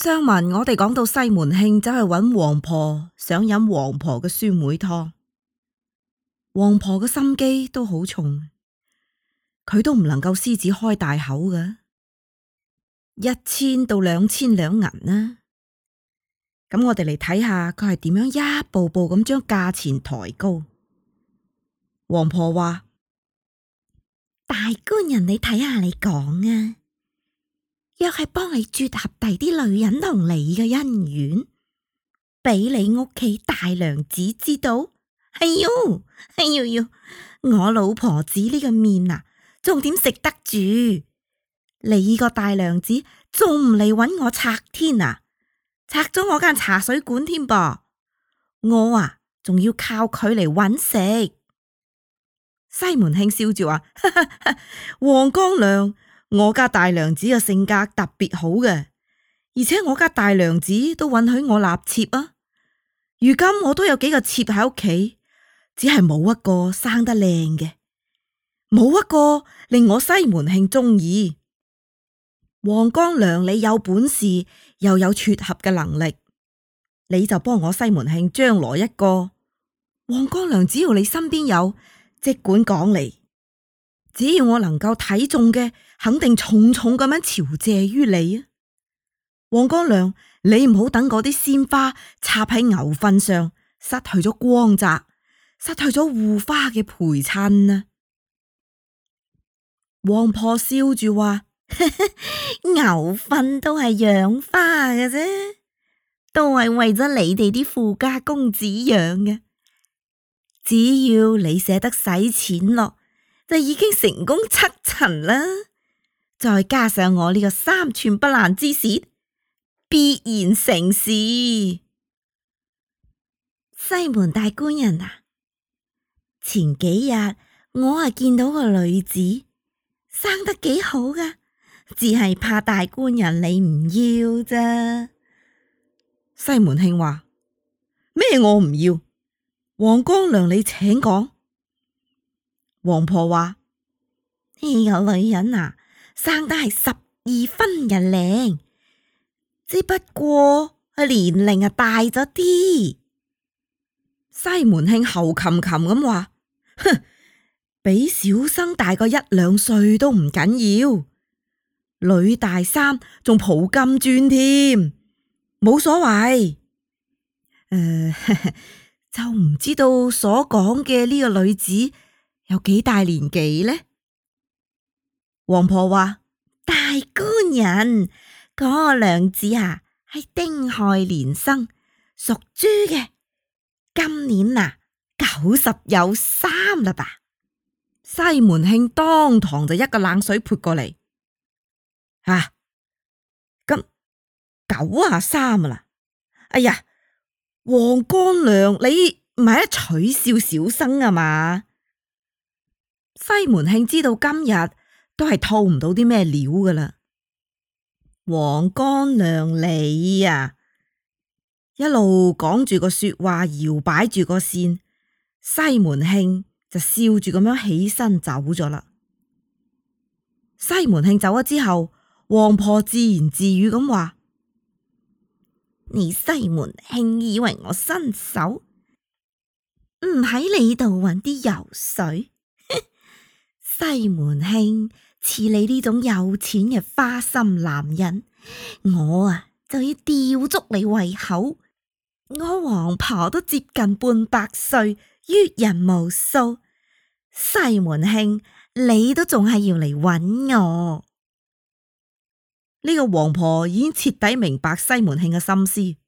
相聞，我哋講到西門慶走去揾王婆，想飲王婆嘅酸梅湯。王婆嘅心機都好重，佢都唔能夠獅子開大口㗎，一千到兩千兩銀啊。咁我哋嚟睇下佢係點樣一步步咁將價錢抬高。王婆話：大官人，你睇下你講啊！又係幫你撮合第啲女人同你嘅姻緣，俾你屋企大娘子知道，哎喲哎喲喲、哎，我老婆子呢個面啊，仲點食得住？你個大娘子仲唔嚟搵我拆天啊，拆咗我間茶水館添噃，我啊仲要靠佢嚟搵食。西門慶笑住話： 王光亮。我家大娘子嘅性格特別好嘅，而且我家大娘子都允許我納妾啊。如今我都有幾個妾喺屋企,只係冇一個生得靚嘅，冇一個令我西門慶中意。王乾娘,你有本事又有撮合嘅能力,你就幫我西門慶將來一個。王乾娘,只要你身邊有,即管講嚟,只要我能夠睇中嘅。肯定重重咁樣朝謝於你啊，黃光亮，你唔好等嗰啲鮮花插喺牛糞上，失去咗光澤，失去咗護花嘅陪襯啊！王婆笑住話： 牛糞都係養花嘅啫，都係為咗你哋啲富家公子養嘅，只要你捨得使錢落，就已經成功七層啦。再加上我呢個三寸不爛之舌，必然成事。西門大官人啊，前幾日我啊見到個女子，生得幾好噶，只係怕大官人你唔要咋。西門慶話，咩？我唔要。王乾娘你請講。王婆話呢個女人啊。生得係十二分人靚，只不過佢年齡啊大咗啲。西門慶猴琴琴咁話：哼，比小生大個一兩歲都唔緊要，女大三仲抱金磚添，冇所謂。誒、呃， 就唔知道所講嘅呢個女子有幾大年紀呢？王婆話：大官人，嗰個娘子啊，係丁亥年生，屬豬嘅，今年啊九十有三啦吧、啊？西門慶當堂就一個冷水潑過嚟，啊，咁九啊三啦，哎呀，王乾娘，你咪一取笑小生啊嘛？西門慶知道今日。都係套唔到啲咩料噶啦，黃乾娘你啊，一路講住個說話，搖擺住個線，西門慶就笑住咁樣起身走咗啦。西門慶走咗之後，王婆自言自語咁話：你西門慶以為我伸手唔喺你度揾啲油水？ 西門慶。似你呢種有錢嘅花心男人，我啊就要吊足你胃口。我王婆都接近半百歲，閱人無數，西門慶你都仲係要嚟揾我？呢個王婆已經徹底明白西門慶嘅心思，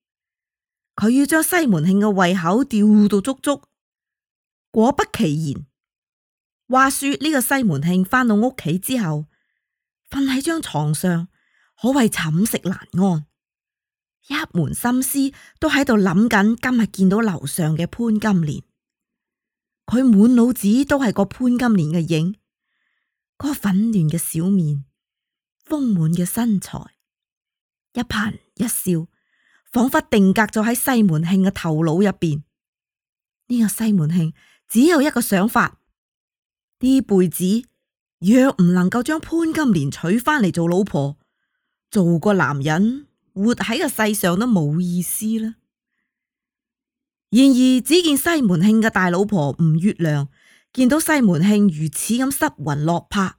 佢要將西門慶嘅胃口吊到足足。果不其然。話說呢個西門慶翻到屋企之後，瞓喺張床上，可謂寢食難安，一門心思都喺度諗緊今日見到樓上嘅潘金蓮，佢滿腦子都係個潘金蓮嘅影，個粉嫩嘅小面，豐滿嘅身材，一顰一笑，仿佛定格咗喺西門慶嘅頭腦入邊。呢個西門慶只有一個想法。呢輩子若唔能夠將潘金蓮娶翻嚟做老婆，做個男人活喺個世上都冇意思啦。然而只見西門慶嘅大老婆吳月娘見到西門慶如此咁失魂落魄，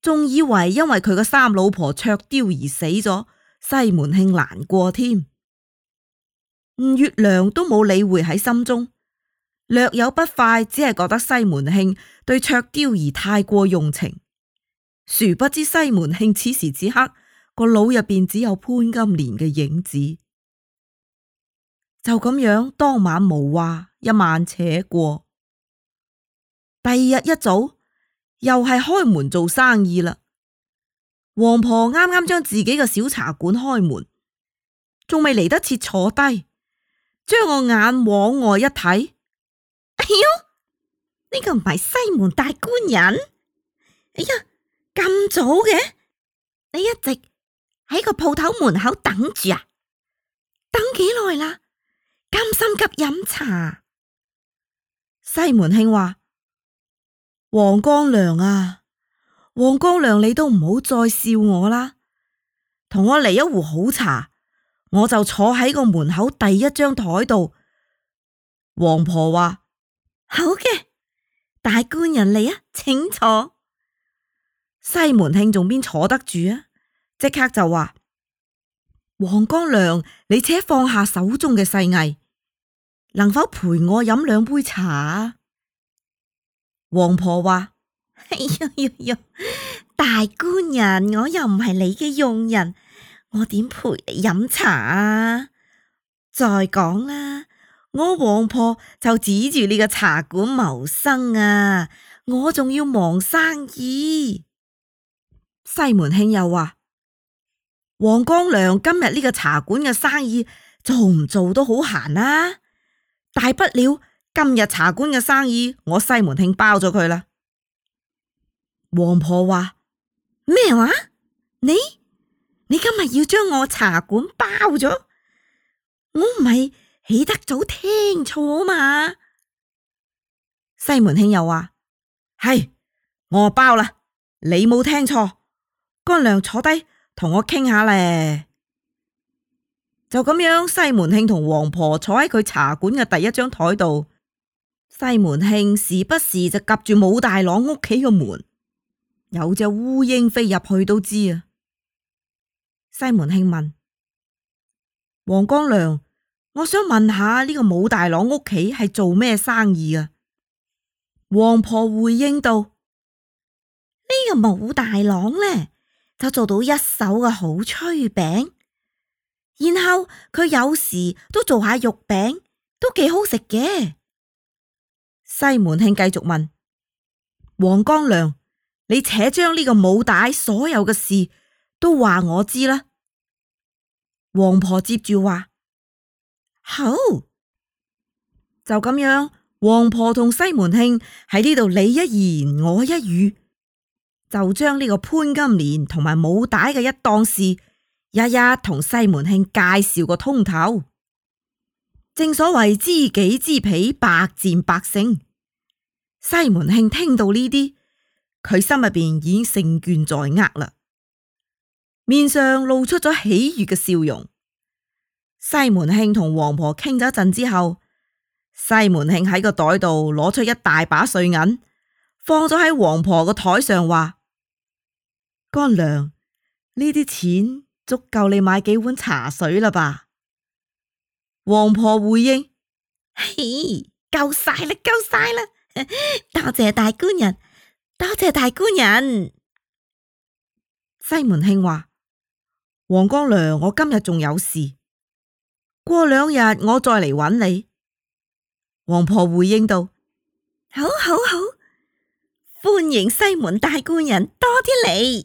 仲以為因為佢個三老婆卓丟兒死咗，西門慶難過添。吳月娘都冇理會喺心中。略有不快，只係覺得西門慶對卓雕兒太過用情，殊不知西門慶此時此刻個腦入邊只有潘金蓮嘅影子。就咁樣，當晚無話，一晚且過。第二日一早，又係開門做生意啦。王婆啱啱將自己嘅小茶館開門，仲未嚟得切坐低，將我眼往外一睇。呢個唔係西門大官人？哎呀，咁早嘅？你一直喺個鋪頭門口等住啊？等幾耐啦？咁心急飲茶？西門慶話：王光良啊，王光良，你都唔好再笑我啦，同我嚟一壺好茶，我就坐喺個門口第一張台度。王婆話。好嘅，大官人嚟啊，請坐。西門慶仲邊坐得住啊？即刻就話：王乾娘，你且放下手中嘅細藝，能否陪我飲兩杯茶啊？王婆話：哎呀呀呀，大官人，我又唔係你嘅傭人，我點陪你飲茶啊？再講啦。我王婆就指住呢個茶館謀生啊，我仲要忙生意。西門慶又話：王光良，今日呢個茶館嘅生意做唔做都好閒啊？大不了今日茶館嘅生意我西門慶包咗佢啦。王婆話：咩話？你你今日要將我茶館包咗？我唔係。起得早，聽錯嘛？西門慶又話：係我包啦，你冇聽錯。乾娘坐低同我傾下咧。就咁樣，西門慶同王婆坐喺佢茶館嘅第一張台度。西門慶時不時就夾住武大郎屋企嘅門，有隻烏蠅飛入去都知啊。西門慶問王乾娘。我想問下呢個武大郎屋企係做咩生意啊？王婆回應道：呢個武大郎呢，就做到一手嘅好炊餅，然後佢有時都做下肉餅，都幾好食嘅。西門慶繼續問：王光良，你且將呢個武大所有嘅事都話我知啦。王婆接住話。好，就咁樣，王婆同西門慶喺呢度，你一言我一語，就將呢個潘金蓮同埋武大嘅一檔事，一一同西門慶介紹個通透。正所謂知己知彼，百戰百勝。西門慶聽到呢啲，佢心入邊已經勝券在握啦，面上露出咗喜悅嘅笑容。西門慶同王婆傾咗一陣之後，西門慶喺個袋度攞出一大把碎銀，放咗喺王婆個台上，話：乾娘，呢啲錢足夠你買幾碗茶水啦吧？王婆回應：夠晒啦，夠晒啦，多謝大官人，多謝大官人。西門慶話：王乾娘，我今日仲有事。過兩日我再嚟揾你，王婆回應道：好好好，歡迎西門大官人多啲嚟。